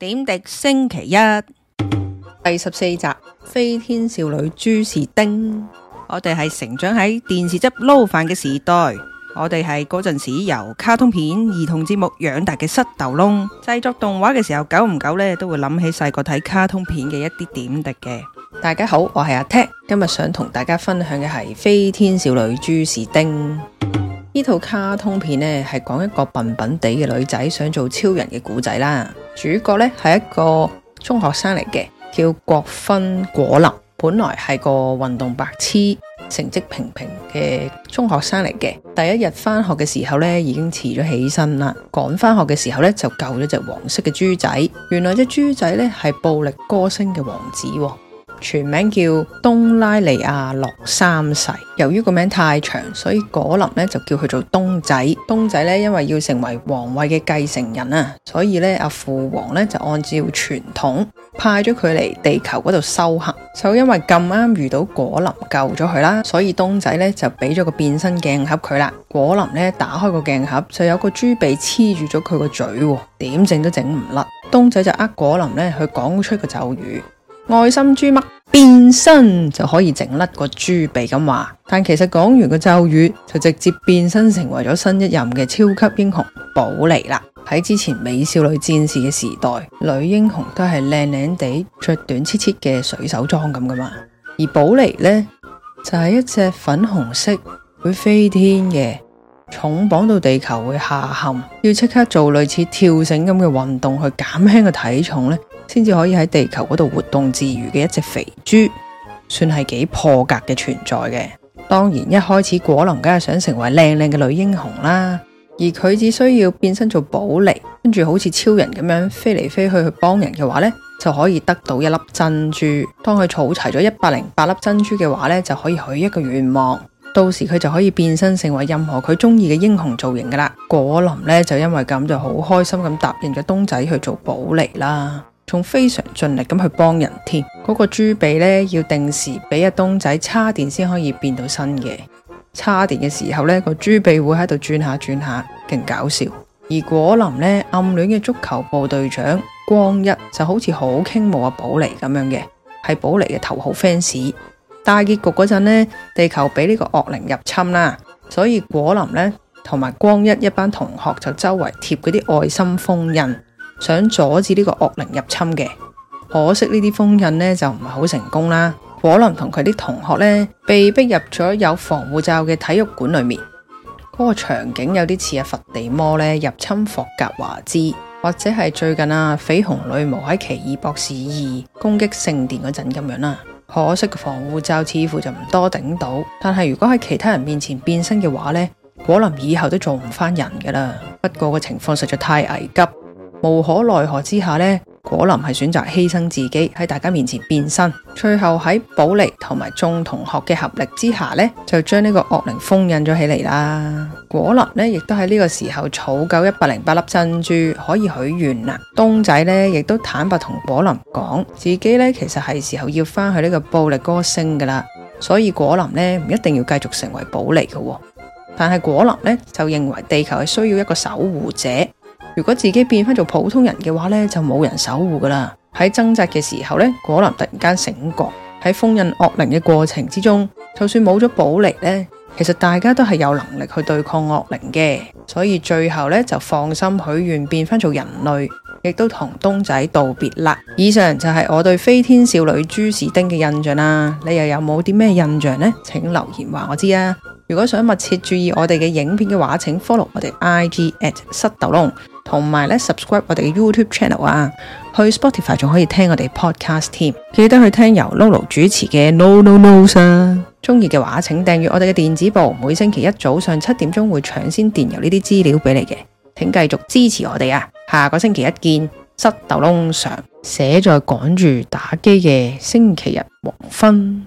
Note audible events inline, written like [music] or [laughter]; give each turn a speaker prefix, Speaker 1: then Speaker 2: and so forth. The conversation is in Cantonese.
Speaker 1: 點滴星期一第十四集《飛天少女朱士丁》，我哋係成長喺電視汁撈飯嘅時代，我哋係嗰陣時由卡通片節、兒童節目養大嘅膝頭窿。製作動畫嘅時候，久唔久呢，都會諗起細個睇卡通片嘅一啲點滴嘅。大家好，我係阿踢，今日想同大家分享嘅係《飛天少女朱士丁》呢套 [laughs] 卡通片呢，係講一個笨笨地嘅女仔想做超人嘅古仔啦。主角呢係一個中學生嚟嘅，叫國分果林，本來係個運動白痴，成績平平嘅中學生嚟嘅。第一日返學嘅時候呢，已經遲咗起身啦，趕返學嘅時候呢就救咗隻黃色嘅豬仔。原來隻豬仔呢係暴力歌星嘅王子喎。全名叫東拉尼亞洛三世,由於個名太長，所以果林咧就叫佢做東仔。東仔咧因為要成為皇位嘅繼承人啊，所以咧阿父皇咧就按照傳統派咗佢嚟地球嗰度修行。就因為咁啱遇到果林救咗佢啦，所以東仔咧就俾咗個變身鏡盒佢啦。果林咧打開個鏡盒，就有個豬鼻黐住咗佢個嘴，點整都整唔甩。東仔就呃果林咧去講出個咒語。愛心豬麥變身就可以整甩個豬鼻咁話，但其實講完個咒語就直接變身成為咗新一任嘅超級英雄寶妮啦。喺之前美少女戰士嘅時代，女英雄都係靚靚地着短切切嘅水手裝咁噶嘛，而寶妮呢，就係、是、一隻粉紅色會飛天嘅，重綁到地球會下陷，要即刻做類似跳繩咁嘅運動去減輕個體重呢。先至可以喺地球嗰度活動自如嘅一隻肥豬，算係幾破格嘅存在嘅。當然一開始果林梗係想成為靚靚嘅女英雄啦，而佢只需要變身做寶妮，跟住好似超人咁樣飛嚟飛去去幫人嘅話呢，就可以得到一粒珍珠。當佢儲齊咗一百零八粒珍珠嘅話呢，就可以許一個願望。到時佢就可以變身成為任何佢中意嘅英雄造型噶啦。果林呢，就因為咁就好開心咁答應咗東仔去做寶妮啦。仲非常盡力咁去幫人添，嗰、嗰個豬鼻呢，要定時俾阿東仔叉電先可以變到新嘅，叉電嘅時候呢，個豬鼻會喺度轉下轉下，勁搞笑。而果林呢，暗戀嘅足球部隊長光一就好似好傾慕阿、啊、保利咁樣嘅，係保利嘅頭號 fans。大結局嗰陣呢，地球俾呢個惡靈入侵啦，所以果林呢，同埋光一一班同學就周圍貼嗰啲愛心封印。想阻止呢個惡靈入侵嘅，可惜呢啲封印呢就唔係好成功啦。果林同佢啲同學呢，被逼入咗有防護罩嘅體育館裏面，嗰、那個場景有啲似啊佛地魔呢入侵霍格華茲，或者係最近啊緋紅女巫喺奇異博士二攻擊聖殿嗰陣咁樣啦。可惜個防護罩似乎就唔多頂到，但係如果喺其他人面前變身嘅話呢，果林以後都做唔翻人噶啦。不過個情況實在太危急。無可奈何之下呢，果林係選擇犧牲自己，喺大家面前變身，最後喺寶利同埋眾同學嘅合力之下呢，就將呢個惡靈封印咗起嚟啦。果林呢，亦都喺呢個時候儲夠一百零八粒珍珠，可以許願啦。東仔呢，亦都坦白同果林講，自己呢，其實係時候要翻去呢個暴力歌星噶啦，所以果林呢，唔一定要繼續成為寶莉嘅。但係果林呢就認為地球係需要一個守護者。如果自己變返做普通人嘅話呢，就冇人守護㗎喇。喺掙扎嘅時候呢，果然突然間醒覺，喺封印惡靈嘅過程之中，就算冇咗寶力呢，其實大家都係有能力去對抗惡靈嘅。所以最後呢，就放心許願變返做人類，亦都同東仔道別啦。以上就係我對飛天少女朱士丁嘅印象啦。你又有冇啲咩印象呢？請留言話我知啊！如果想密切注意我哋嘅影片嘅話，請 follow 我哋 IG at 塞豆窿，同埋咧 subscribe 我哋嘅 YouTube channel 啊，去 Spotify 仲可以聽我哋 podcast 添。記得去聽由 Lolo 主持嘅 No No No 啊，中意嘅話請訂閱我哋嘅電子報，每星期一早上七點鐘會搶先電郵呢啲資料俾你嘅，請繼續支持我哋啊！下個星期一見，塞豆窿上寫在趕住打機嘅星期日黃昏。